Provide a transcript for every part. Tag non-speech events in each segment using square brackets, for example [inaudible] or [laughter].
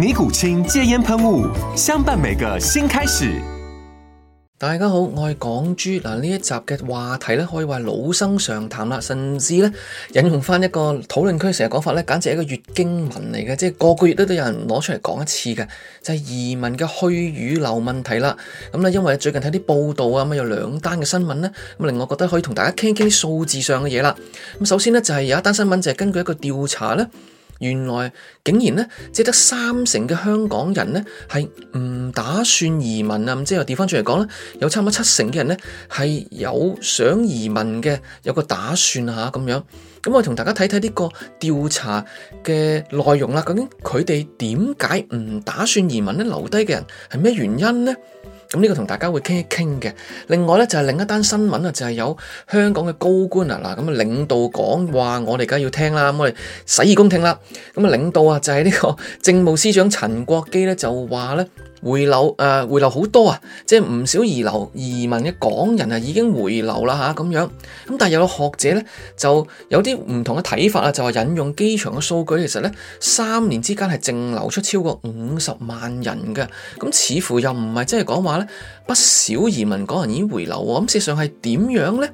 尼古清戒煙噴霧，相伴每個新開始。大家好，我係港豬嗱，呢一集嘅話題咧，可以話老生常談啦，甚至咧引用翻一個討論區成日講法咧，簡直係一個月經文嚟嘅，即係個個月都都有人攞出嚟講一次嘅，就係移民嘅去與留問題啦。咁咧，因為最近睇啲報道啊，咁有兩單嘅新聞咧，咁令我覺得可以同大家傾傾數字上嘅嘢啦。咁首先咧，就係有一單新聞，就係根據一個調查咧。原來竟然咧，只得三成嘅香港人咧係唔打算移民啊！咁、嗯、即係調翻轉嚟講咧，有差唔多七成嘅人咧係有想移民嘅，有個打算吓咁、啊、樣。咁、嗯、我同大家睇睇呢個調查嘅內容啦。究竟佢哋點解唔打算移民咧？留低嘅人係咩原因咧？咁呢個同大家會傾一傾嘅，另外咧就係另一單新聞啊，就係有香港嘅高官啊，嗱咁、啊領導講話，我哋梗係要聽啦，咁我哋洗耳恭聽啦。咁啊領導啊就係呢個政務司長陳國基咧，就話咧。回流誒，呃、回流好多啊！即係唔少移流移民嘅港人啊，已經回流啦，嚇咁樣。咁但係有學者咧，就有啲唔同嘅睇法啊。就話引用機場嘅數據，其實咧三年之間係淨流出超過五十萬人嘅。咁似乎又唔係，即係講話咧不少移民港人已經回流喎。咁事實上係點樣咧？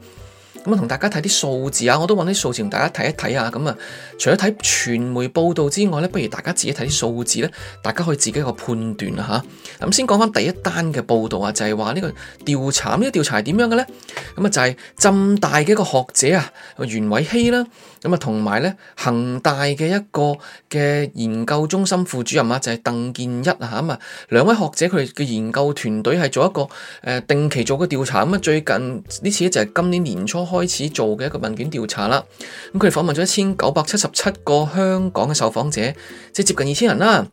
咁啊，同大家睇啲數字啊，我都揾啲數字同大家睇一睇啊。咁、嗯、啊，除咗睇傳媒報道之外咧，不如大家自己睇啲數字咧，大家可以自己一個判斷啊嚇。咁先講翻第一單嘅報道啊，就係話呢個調查，呢、呢個調查係點樣嘅咧？咁、嗯、啊，就係、係、浸大嘅一個學者啊，袁偉希啦，咁啊，同埋咧恒大嘅一個嘅研究中心副主任啊，就係、係、鄧建一啊咁啊，兩位學者佢哋嘅研究團隊係做一個誒定期做個調查，咁、嗯、啊，最近呢次就係今年年初開。開始做嘅一個問卷調查啦，咁佢哋訪問咗一千九百七十七個香港嘅受訪者，即接近二千人啦。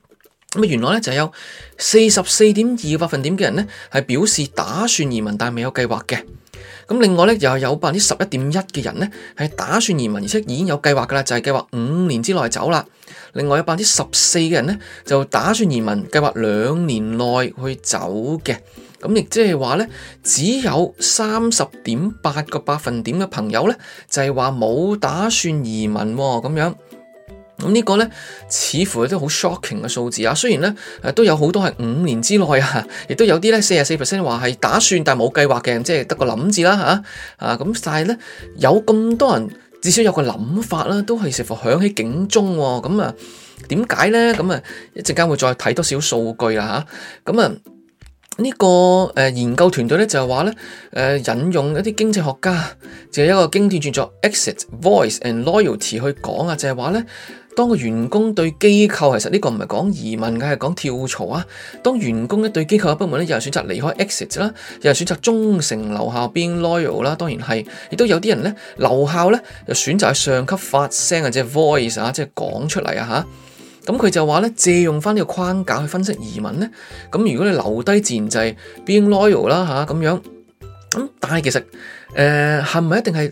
咁原來咧就有四十四點二百分點嘅人咧係表示打算移民但係未有計劃嘅。咁另外咧又有百分之十一點一嘅人咧係打算移民而且已經有計劃噶啦，就係計劃五年之內走啦。另外有百分之十四嘅人咧就打算移民計劃兩年內去走嘅。咁亦即係話咧，只有三十點八個百分點嘅朋友咧，就係話冇打算移民喎咁樣。咁呢個咧，似乎都好 shocking 嘅數字啊！雖然咧，都有好多係五年之內啊，亦都有啲咧四十四 percent 話係打算但係冇計劃嘅，即係得個諗字啦吓。啊，咁但係咧，有咁多人至少有個諗法啦，都係似乎響起警鐘喎。咁啊，點解咧？咁啊，一陣間會再睇多少數據啦吓。咁啊。啊呢個誒研究團隊咧，就係話咧，誒引用一啲經濟學家，就係、是、一個經典著作 exit voice and loyalty 去講啊，就係話咧當個員工對機構，其實呢個唔係講移民嘅，係講跳槽啊，當員工咧對機構嘅不滿咧，有人選擇離開 exit 啦，有人選擇忠誠留下變 loyal 啦，當, it, al, 當然係亦都有啲人咧留下咧就選擇喺上級發聲嘅，即係 voice 啊，即係講出嚟啊嚇。咁佢就話咧，借用返呢個框架去分析移民咧。咁如果你留低自然就係，being loyal 啦吓，咁、啊、樣，咁但係其實誒係咪一定係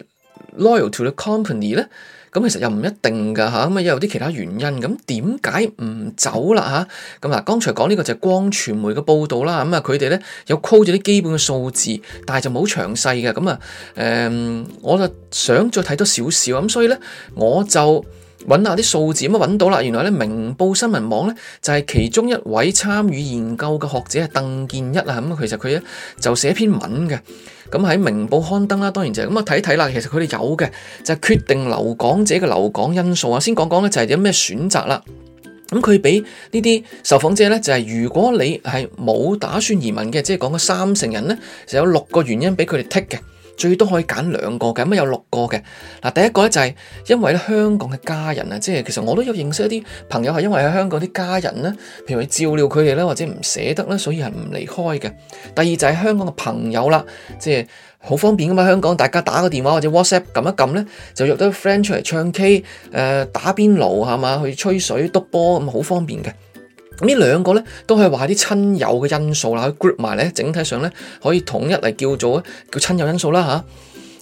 loyal to the company 咧？咁其實又唔一定噶吓。咁啊又有啲其他原因。咁點解唔走啦吓，咁、啊、嗱，剛才講呢、呢個就係光傳媒嘅報道啦。咁啊，佢哋咧有 quote 咗啲基本嘅數字，但係就冇詳細嘅。咁啊，誒、呃、我就想再睇多少少。咁、啊、所以咧，我就。揾下啲數字，咁揾到啦！原來呢，《明報新聞網》呢，就係、是、其中一位參與研究嘅學者係鄧建一啊！咁、嗯、其實佢呢，就寫篇文嘅，咁、嗯、喺《明報》刊登啦、啊。當然就係咁啊睇一睇啦。其實佢哋有嘅就係、是、決定留港者嘅留港因素啊。先講講呢，就係有咩選擇啦。咁佢俾呢啲受訪者呢，就係、是、如果你係冇打算移民嘅，即係講嗰三成人呢，就有六個原因俾佢哋剔嘅。最多可以揀兩個嘅，咁有六個嘅。嗱，第一個咧就係因為咧香港嘅家人啊，即係其實我都有認識一啲朋友係因為喺香港啲家人咧，譬如話照料佢哋咧，或者唔捨得咧，所以係唔離開嘅。第二就係香港嘅朋友啦，即係好方便㗎嘛，香港大家打個電話或者 WhatsApp 撳一撳咧，就約到啲 friend 出嚟唱 K，誒、呃、打邊爐係嘛，去吹水篤波咁好方便嘅。呢兩個呢，都係話啲親友嘅因素啦，啊，group 埋呢，整體上呢，可以統一嚟叫做叫親友因素啦。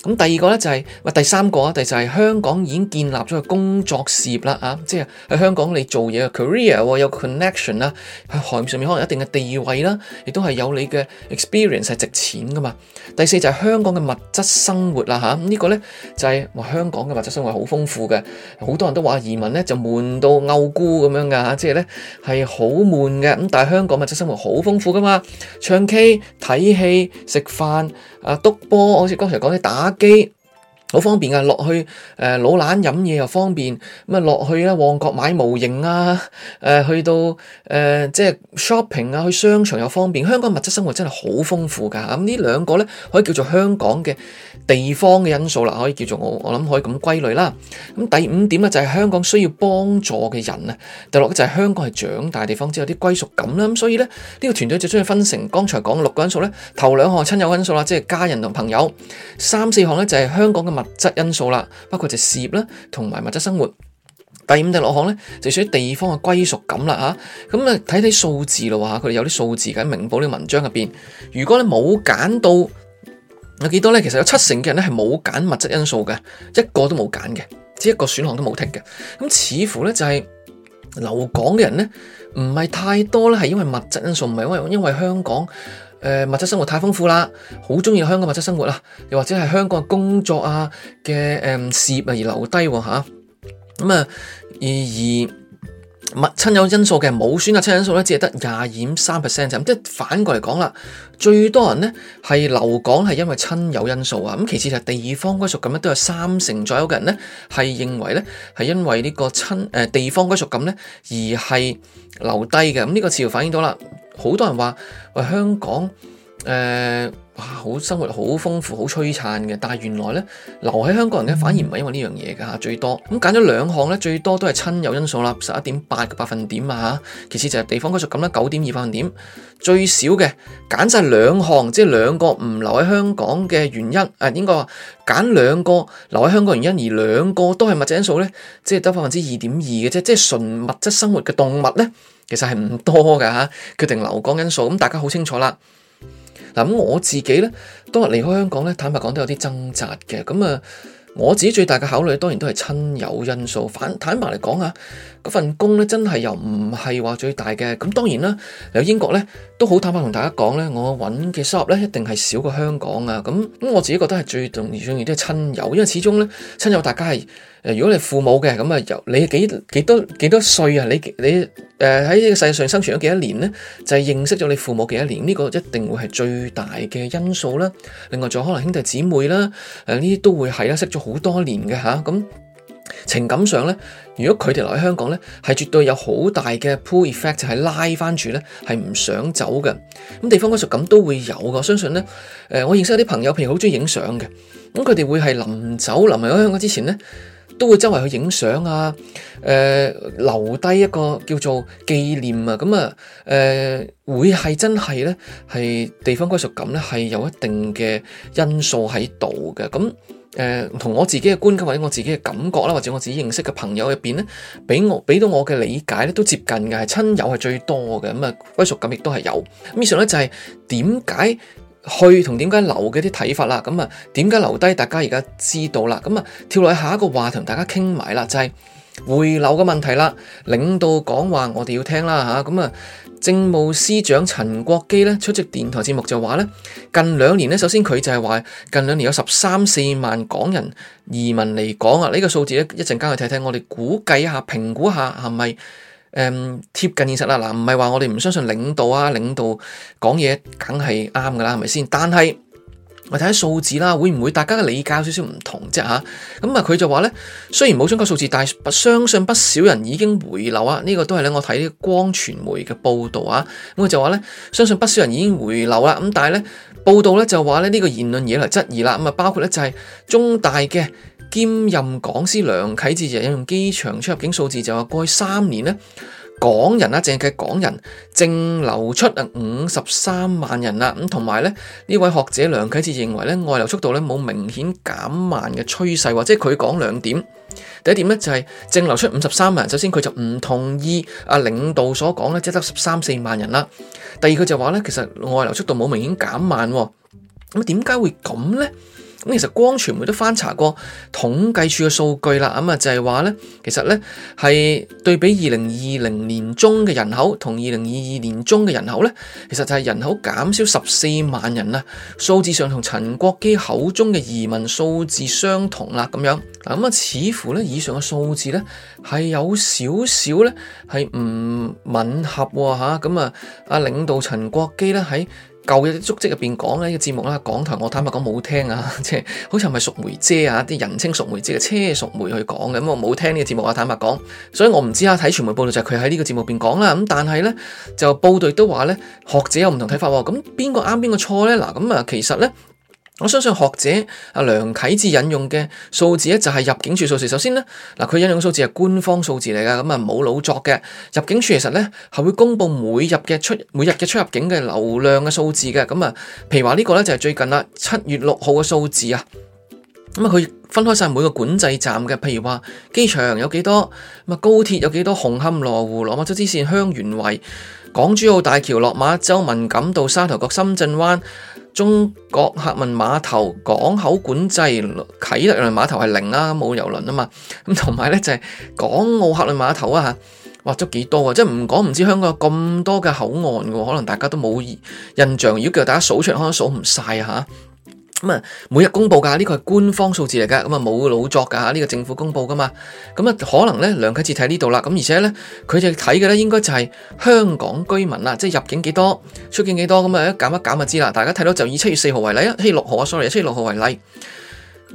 咁第二個咧，就係，喂，第三個啊，第就係香港已經建立咗個工作事業啦吓，啊，即係喺香港你做嘢嘅 career 有 connection 啦，啊，喺行業上面可能有一定嘅地位啦，亦都係有你嘅 experience 係值錢噶嘛。第四就係香港嘅物質生活啦吓，呢個咧，就係話香港嘅物質生活好豐富嘅，好多人都話移民咧，就悶到嘔，姑咁樣嘅吓，啊，即係咧係好悶嘅，咁但係香港物質生活好豐富噶嘛，唱 K，睇戲，食飯，啊，篤波，好似剛才講啲打機好方便啊，落去誒、呃，老蘭飲嘢又方便，咁啊落去咧旺角買模型啊，誒、呃、去到誒、呃、即係 shopping 啊，去商場又方便。香港物質生活真係好豐富噶，咁、嗯、呢兩個咧可以叫做香港嘅。地方嘅因素啦，可以叫做我，我諗可以咁歸類啦。咁第五點咧就係香港需要幫助嘅人啊，第六就係香港係長大地方，即係有啲歸屬感啦。咁所以咧呢、呢個團隊最中意分成剛才講六個因素咧，頭兩項親友因素啦，即係家人同朋友，三四項咧就係香港嘅物質因素啦，包括就事業啦同埋物質生活。第五、第六項咧就屬於地方嘅歸屬感啦。吓、嗯，咁啊睇睇數字咯吓，佢哋有啲數字喺明報呢個文章入邊。如果你冇揀到。有幾多咧？其實有七成嘅人咧係冇揀物質因素嘅，一個都冇揀嘅，即一個選項都冇 tick 嘅。咁似乎咧就係留港嘅人咧，唔係太多啦，係因為物質因素，唔係因為因為香港誒物質生活太豐富啦，好中意香港物質生活啊，又或者係香港嘅工作啊嘅誒事業啊而留低嚇。咁啊而而。而密親友因素嘅冇選親因素咧，只係得廿二三 percent，咁即係反過嚟講啦，最多人咧係留港係因為親友因素啊。咁其次就地方歸屬感咧，都有三成左右嘅人咧係認為咧係因為呢個親誒、呃、地方歸屬感咧而係留低嘅。咁、這、呢個似乎反映到啦，好多人話話香港。誒、呃，哇，好生活好豐富，好璀璨嘅。但係原來咧留喺香港人咧反而唔係因為呢樣嘢噶吓，最多咁揀咗兩項咧，最多都係親友因素啦，十一點八個百分點啊吓。其次就係地方歸屬感啦，九點二百分點。最少嘅揀晒兩項，即係兩個唔留喺香港嘅原因，誒、啊，應該話揀兩個留喺香港原因，而兩個都係物質因素咧，即係得百分之二點二嘅啫。即係純物質生活嘅動物咧，其實係唔多嘅吓、啊，決定留港因素。咁、嗯、大家好清楚啦。嗱，那我自己呢，當日離開香港呢，坦白講都有啲掙扎嘅。咁啊，我自己最大嘅考慮當然都係親友因素。反坦白嚟講啊。嗰份工咧真係又唔係話最大嘅，咁當然啦。嚟英國咧都好坦白同大家講咧，我揾嘅收入咧一定係少過香港啊。咁咁我自己覺得係最重要重要啲係親友，因為始終咧親友大家係誒，如果你父母嘅咁啊，由你幾幾多幾多歲啊，你你誒喺呢個世界上生存咗幾多年咧，就係認識咗你父母幾多年，呢個一定會係最大嘅因素啦。另外仲有可能兄弟姊妹啦，誒呢啲都會係啦，識咗好多年嘅吓咁。啊嗯情感上咧，如果佢哋留喺香港咧，係絕對有好大嘅 pull effect，就係拉翻住咧，係唔想走嘅。咁地方歸屬感都會有噶，我相信咧，誒，我認識有啲朋友，譬如好中意影相嘅，咁佢哋會係臨走、臨嚟香港之前咧，都會周圍去影相啊，誒、呃，留低一個叫做紀念啊。咁啊，誒、呃，會係真係咧，係地方歸屬感咧，係有一定嘅因素喺度嘅。咁。誒，同、呃、我自己嘅觀感或者我自己嘅感覺啦，或者我自己認識嘅朋友入邊咧，俾我俾到我嘅理解咧，都接近嘅，係親友係最多嘅，咁啊歸屬感亦都係有。咁以上咧就係點解去同點解留嘅啲睇法啦，咁啊點解留低大家而家知道啦，咁啊跳落去下一個話題同大家傾埋啦，就係、是。回流嘅問題啦，領導講話我哋要聽啦嚇咁啊。政務司長陳國基咧出席電台節目就話咧，近兩年咧，首先佢就係話近兩年有十三四萬港人移民嚟講啊。呢、呢個數字一陣間去睇睇，我哋估計下、評估下係咪誒貼近現實啦？嗱、啊，唔係話我哋唔相信領導啊，領導講嘢梗係啱㗎啦，係咪先？但係。我睇下數字啦，會唔會大家嘅理解有少少唔同啫吓，咁啊佢就話咧，雖然冇準確數字，但係相信不少人已經回流啊！呢、這個都係咧，我睇呢個光傳媒嘅報道啊。咁佢就話咧，相信不少人已經回流啦。咁但係咧，報道咧就話咧，呢個言論惹嚟質疑啦。咁啊包括咧就係中大嘅兼任講師梁啟智就引、是、用機場出入境數字，就話、是、過去三年咧。港人啦，淨係港人淨流出啊五十三萬人啦，咁同埋咧呢位學者梁啟智認為咧外流速度咧冇明顯減慢嘅趨勢，或者佢講兩點。第一點咧就係淨流出五十三萬人，首先佢就唔同意啊領導所講咧只得十三四萬人啦。第二佢就話咧其實外流速度冇明顯減慢，咁點解會咁咧？咁其實光傳媒都翻查過統計處嘅數據啦，咁啊就係話咧，其實咧係對比二零二零年中嘅人口同二零二二年中嘅人口咧，其實就係人口減少十四萬人啊，數字上同陳國基口中嘅移民數字相同啦，咁樣嗱，咁、嗯、啊似乎咧以上嘅數字咧係有少少咧係唔吻合喎、啊、嚇，咁啊阿領導陳國基咧喺舊嘅足跡入邊講呢個節目啦，港台我坦白講冇聽啊，即 [laughs] 係好似係咪淑梅姐啊，啲人稱淑梅姐嘅車淑梅去講嘅咁，我冇聽呢個節目，啊。坦白講，所以我唔知啊。睇傳媒報道就係佢喺呢個節目入邊講啦，咁但係呢，就報道都話呢，學者有唔同睇法喎，咁邊個啱邊個錯呢？嗱，咁啊其實呢。我相信學者阿梁啟智引用嘅數字咧，就係入境處數字。首先呢，嗱佢引用嘅數字係官方數字嚟㗎，咁啊冇老作嘅。入境處其實呢係會公布每日嘅出每日嘅出入境嘅流量嘅數字嘅。咁啊，譬如話呢個呢，就係最近啦，七月六號嘅數字啊。咁啊，佢分開晒每個管制站嘅，譬如話機場有幾多，咁啊高鐵有幾多，紅磡、羅湖、落馬洲支線、香園圍、港珠澳大橋、落馬洲、文錦渡、沙頭角、深圳灣。中國客運碼頭、港口管制，啟德郵輪碼頭係零啊，冇郵輪啊嘛。咁同埋咧就係、是、港澳客運碼頭啊，吓，哇，都幾多啊！即係唔講唔知，香港有咁多嘅口岸嘅、啊，可能大家都冇印象。如果叫大家數出嚟，可能數唔晒啊，吓、啊。咁啊，每日公布噶，呢、這個係官方數字嚟噶，咁啊冇老作噶吓，呢、這個政府公布噶嘛，咁啊可能呢梁啟智睇呢度啦，咁而且呢，佢哋睇嘅呢應該就係香港居民啦，即係入境幾多，出境幾多，咁啊一減一減就知啦，大家睇到就以七月四號為例啊，七月六號啊，sorry，七月六號為例。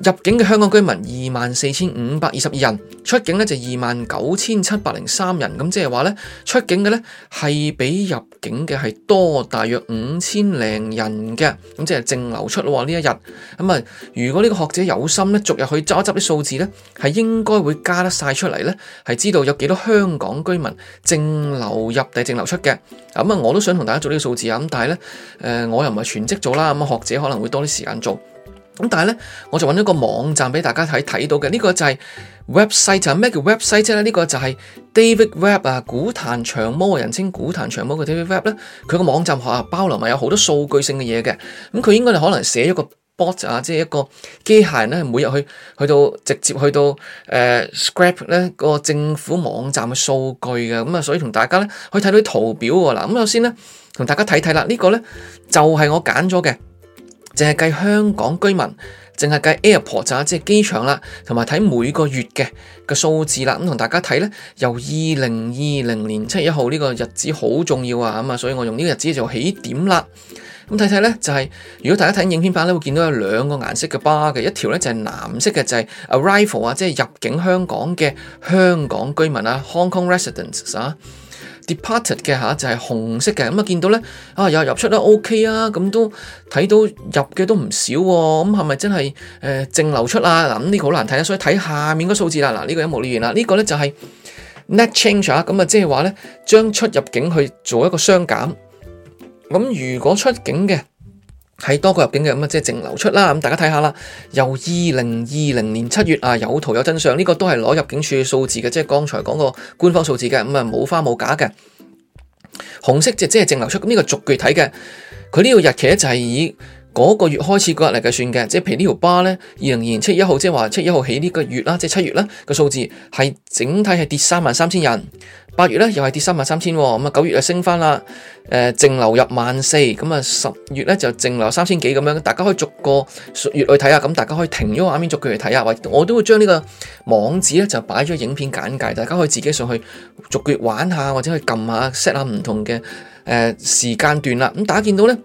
入境嘅香港居民二萬四千五百二十二人，出境呢就二萬九千七百零三人，咁即係話呢，出境嘅呢係比入境嘅係多大約五千零人嘅，咁即係淨流出喎呢一日。咁、嗯、啊，如果呢個學者有心呢，逐日去執一執啲數字呢，係應該會加得晒出嚟，呢係知道有幾多香港居民淨流入定淨流出嘅。咁、嗯、啊，我都想同大家做呢個數字啊，咁、嗯、但係呢，誒、呃，我又唔係全職做啦，咁、嗯、啊，學者可能會多啲時間做。但係咧，我就揾咗個網站俾大家睇睇到嘅，呢、這個就係 website 就係咩叫 website 即呢個就係 David Webb 啊，股壇長毛，人稱股壇長毛嘅 David Webb 佢個網站下包留埋有好多數據性嘅嘢嘅。咁、嗯、佢應該就可能寫咗個 bot 啊，即係一個機械人咧，每日去去到直接去到誒、呃、scrap 咧、那個政府網站嘅數據嘅。咁、嗯、啊，所以同大家咧可以睇到啲圖表喎啦。咁、嗯、首先咧，同大家睇睇啦，這個、呢個咧就係、是、我揀咗嘅。淨係計香港居民，淨係計 airport 即係機場啦，同埋睇每個月嘅個數字啦。咁同大家睇咧，由二零二零年七月一號呢個日子好重要啊，咁啊，所以我用呢個日子做起點啦。咁睇睇咧，就係如果大家睇影片版咧，會見到有兩個顏色嘅 bar 嘅，一條咧就係藍色嘅，就係 arrival 啊，即係入境香港嘅香港居民啊，Hong Kong residents 啊。departed 嘅嚇就係、是、紅色嘅，咁啊見到咧啊有入出都 OK 啊，咁都睇到入嘅都唔少喎、啊，咁係咪真係誒淨流出啊？嗱，呢個好難睇啊，所以睇下面個數字啦，嗱、這、呢個一目了然啦，這個、呢個咧就係、是、net change 啊，咁、嗯、啊即係話咧將出入境去做一個相減，咁、嗯、如果出境嘅。係多過入境嘅咁啊，即係淨流出啦。咁大家睇下啦，由二零二零年七月啊，有圖有真相呢、這個都係攞入境處嘅數字嘅，即係剛才講過官方數字嘅，咁啊冇花冇假嘅。紅色即係即係淨流出，咁、這、呢個逐句睇嘅，佢呢個日期咧就係以。嗰個月開始嗰日嚟計算嘅，即係譬如呢條巴咧，二零二零年七月一號，即係話七月一號起呢個月啦，即係七月啦，個數字係整體係跌三萬三千人。八月咧又係跌三萬三千，咁啊九月又升翻啦，誒、呃、淨流入萬四，咁啊十月咧就淨流三千幾咁樣，大家可以逐個月去睇下，咁大家可以停咗畫面逐月嚟睇下，或者我都會將呢個網址咧就擺咗影片簡介，大家可以自己上去逐個月玩下或者去撳下 set 下唔同嘅誒、呃、時間段啦，咁大家見到咧。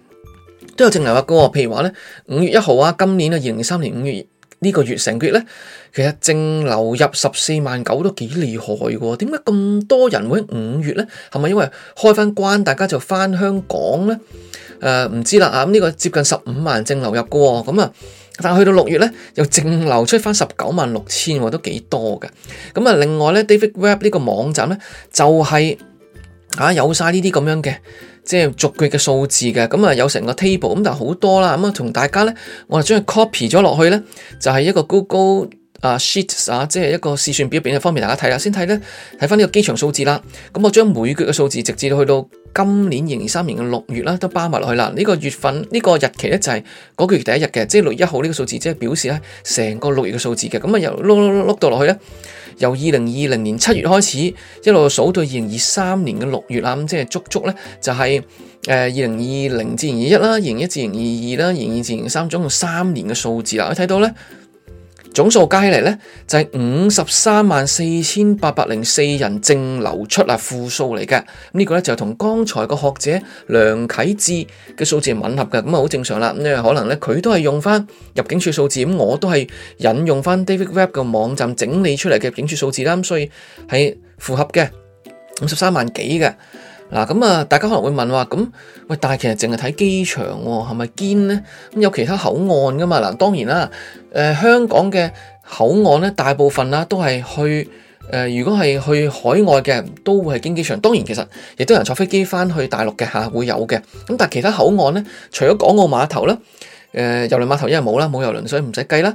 都有淨流入噶喎，譬如話咧五月一號啊，今年啊二零二三年五月、這個、月，月呢個月成月咧，其實淨流入十四萬九都幾厲害噶喎，點解咁多人會喺五月咧？係咪因為開翻關，大家就翻香港咧？誒、呃，唔知啦啊，呢、這個接近十五萬淨流入噶喎，咁啊，但去到六月咧，又淨流出翻十九萬六千喎，都幾多噶。咁啊，另外咧，David Webb 呢個網站咧，就係、是、啊有晒呢啲咁樣嘅。即係逐月嘅數字嘅，咁啊有成個 table，咁但係好多啦，咁啊同大家呢，我啊將佢 copy 咗落去呢，就係、是、一個 Google 啊、uh, sheets 啊，即係一個試算表俾啊，方便大家睇啦。先睇呢，睇翻呢個機場數字啦，咁我將每個月嘅數字，直至去到今年二三年嘅六月啦，都包埋落去啦。呢、這個月份呢、這個日期呢，就係、是、嗰個月第一日嘅，即係六月一號呢個數字，即係表示呢成個六月嘅數字嘅。咁啊又碌碌碌碌到落去呢。由二零二零年七月開始，一路數到二零二三年嘅六月、嗯、即係足足咧就係誒二零二零至二一啦，二零一至二二啦，二零二至二三，總共三年嘅數字啦，可以睇到咧。總數加起嚟呢，就係五十三萬四千八百零四人淨流出啊，負數嚟嘅。咁呢個呢，就係同剛才個學者梁啟智嘅數字吻合嘅，咁啊好正常啦，因為可能呢，佢都係用翻入境處數字，咁我都係引用翻 David Webb 嘅網站整理出嚟嘅入境處數字啦，咁所以係符合嘅五十三萬幾嘅。嗱咁啊，大家可能會問話，咁喂，但係其實淨係睇機場喎，係咪堅咧？咁有其他口岸㗎嘛？嗱，當然啦，誒、呃、香港嘅口岸咧，大部分啦都係去誒、呃，如果係去海外嘅，都會係經機場。當然其實亦都有人坐飛機翻去大陸嘅吓、啊，會有嘅。咁但係其他口岸咧，除咗港澳碼頭啦，誒、呃、遊輪碼頭因為冇啦，冇遊輪，所以唔使計啦。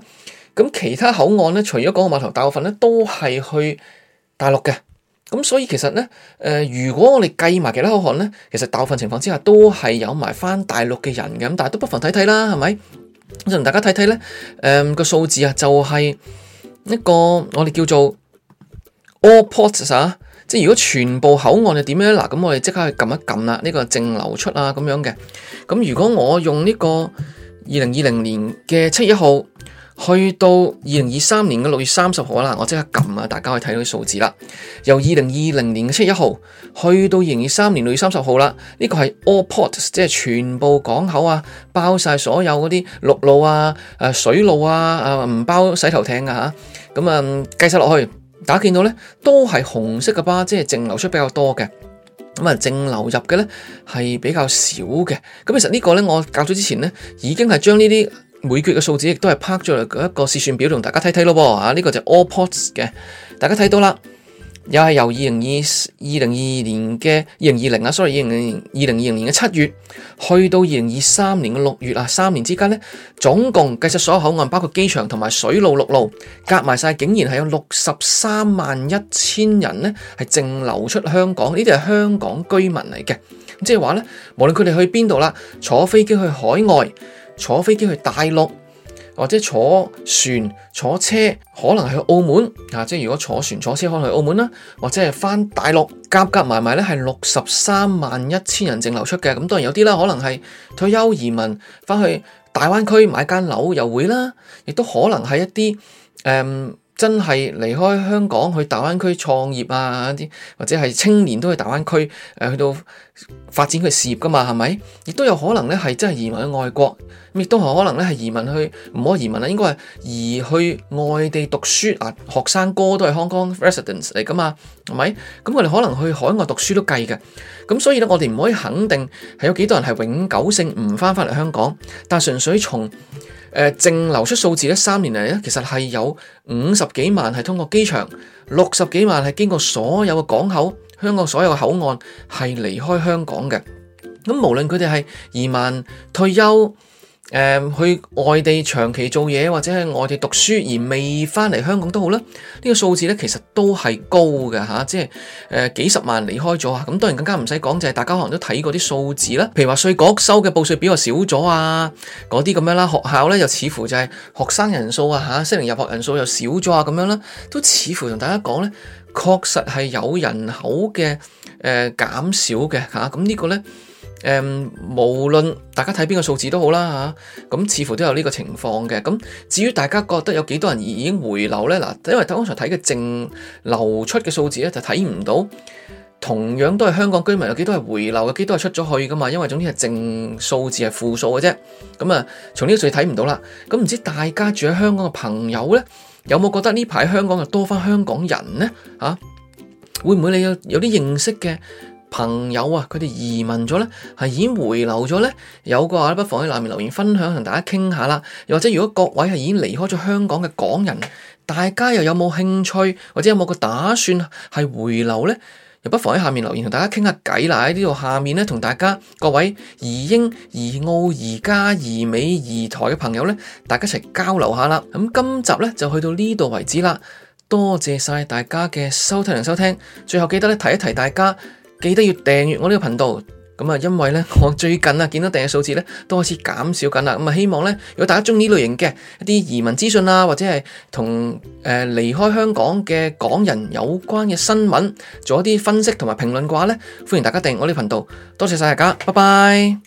咁其他口岸咧，除咗港澳碼頭，大部分咧都係去大陸嘅。咁所以其實咧，誒、呃，如果我哋計埋其他口岸咧，其實大部分情況之下都係有埋翻大陸嘅人嘅，咁但係都不妨睇睇啦，係咪？就同大家睇睇咧，誒、呃、個數字啊，就係、是、一個我哋叫做 all ports 啊，即係如果全部口岸係點樣？嗱，咁我哋即刻去撳一撳啦，呢、這個淨流出啊咁樣嘅。咁如果我用呢個二零二零年嘅七月一號。去到二零二三年嘅六月三十號啦，我即刻撳啊，大家去睇到個數字啦。由二零二零年嘅七月一號去到二零二三年六月三十號啦，呢、呢個係 all ports，即係全部港口啊，包晒所有嗰啲陸路啊、誒水路啊，啊唔包洗頭艇噶吓、啊。咁啊計晒落去大家見到咧，都係紅色嘅巴，即係淨流出比較多嘅。咁啊淨流入嘅咧係比較少嘅。咁其實個呢個咧我較早之前咧已經係將呢啲。每月嘅數字亦都係拍咗嚟一個試算表，同大家睇睇咯，啊，呢、這個就係 all ports 嘅，大家睇到啦，又係由二零二二零二二年嘅二零二零啊，sorry，二零二零二零二零年嘅七月去到二零二三年嘅六月啊，三年之間呢，總共計出所有口岸，包括機場同埋水路陸路，夾埋晒竟然係有六十三萬一千人呢係淨流出香港，呢啲係香港居民嚟嘅，即係話呢，無論佢哋去邊度啦，坐飛機去海外。坐飛機去大陸，或者坐船、坐車，可能去澳門啊，即係如果坐船、坐車可能去澳門啦，或者係返大陸，夾夾埋埋咧係六十三萬一千人淨流出嘅。咁當然有啲啦，可能係退休移民返去大灣區買間樓又會啦，亦都可能係一啲誒。嗯真係離開香港去大灣區創業啊！啲或者係青年都去大灣區誒，去到發展佢事業噶嘛係咪？亦都有可能咧，係真係移民去外國，亦都可能咧，係移民去唔好移民啊，應該係移去外地讀書啊！學生哥都係 Hong Kong residents 嚟噶嘛係咪？咁佢哋可能去海外讀書都計嘅。咁所以咧，我哋唔可以肯定係有幾多人係永久性唔翻返嚟香港，但純粹從。誒、呃、淨流出數字咧，三年嚟咧，其實係有五十幾萬係通過機場，六十幾萬係經過所有嘅港口，香港所有嘅口岸係離開香港嘅。咁無論佢哋係移民、退休，誒、呃，去外地長期做嘢或者喺外地讀書而未翻嚟香港都好啦，呢、這個數字咧，其實都係高嘅吓、啊，即係誒、呃、幾十萬離開咗啊，咁、嗯、當然更加唔使講就係、是、大家可能都睇過啲數字啦，譬如話稅局收嘅報稅表又少咗啊，嗰啲咁樣啦，學校咧又似乎就係學生人數啊吓，適齡入學人數又少咗啊咁樣啦，都似乎同大家講咧，確實係有人口嘅誒、呃、減少嘅吓，咁、啊嗯這個、呢個咧。誒、嗯，無論大家睇邊個數字都好啦吓，咁、啊、似乎都有呢個情況嘅。咁至於大家覺得有幾多人已已經回流呢？嗱，因為剛才睇嘅淨流出嘅數字咧，就睇唔到，同樣都係香港居民有幾多係回流，有幾多係出咗去噶嘛？因為總之係淨數字係負數嘅啫。咁啊，從呢啲數字睇唔到啦。咁唔知大家住喺香港嘅朋友呢，有冇覺得呢排香港又多翻香港人呢？吓、啊，會唔會你有有啲認識嘅？朋友啊，佢哋移民咗咧，係已經回流咗咧，有嘅話不妨喺下面留言分享，同大家傾下啦。又或者如果各位係已經離開咗香港嘅港人，大家又有冇興趣或者有冇個打算係回流咧？又不妨喺下面留言同大家傾下偈啦。喺呢度下面咧，同大家各位移英、移澳、移加、移美、移台嘅朋友咧，大家一齊交流下啦。咁今集咧就去到呢度為止啦。多謝晒大家嘅收聽同收聽。最後記得咧提一提大家。記得要訂閱我呢個頻道，咁啊，因為咧我最近啊見到訂閱數字咧都開始減少緊啦，咁啊，希望咧如果大家中意呢類型嘅一啲移民資訊啊，或者係同誒離開香港嘅港人有關嘅新聞，做一啲分析同埋評論嘅話咧，歡迎大家訂閱我呢個頻道，多謝晒大家，拜拜。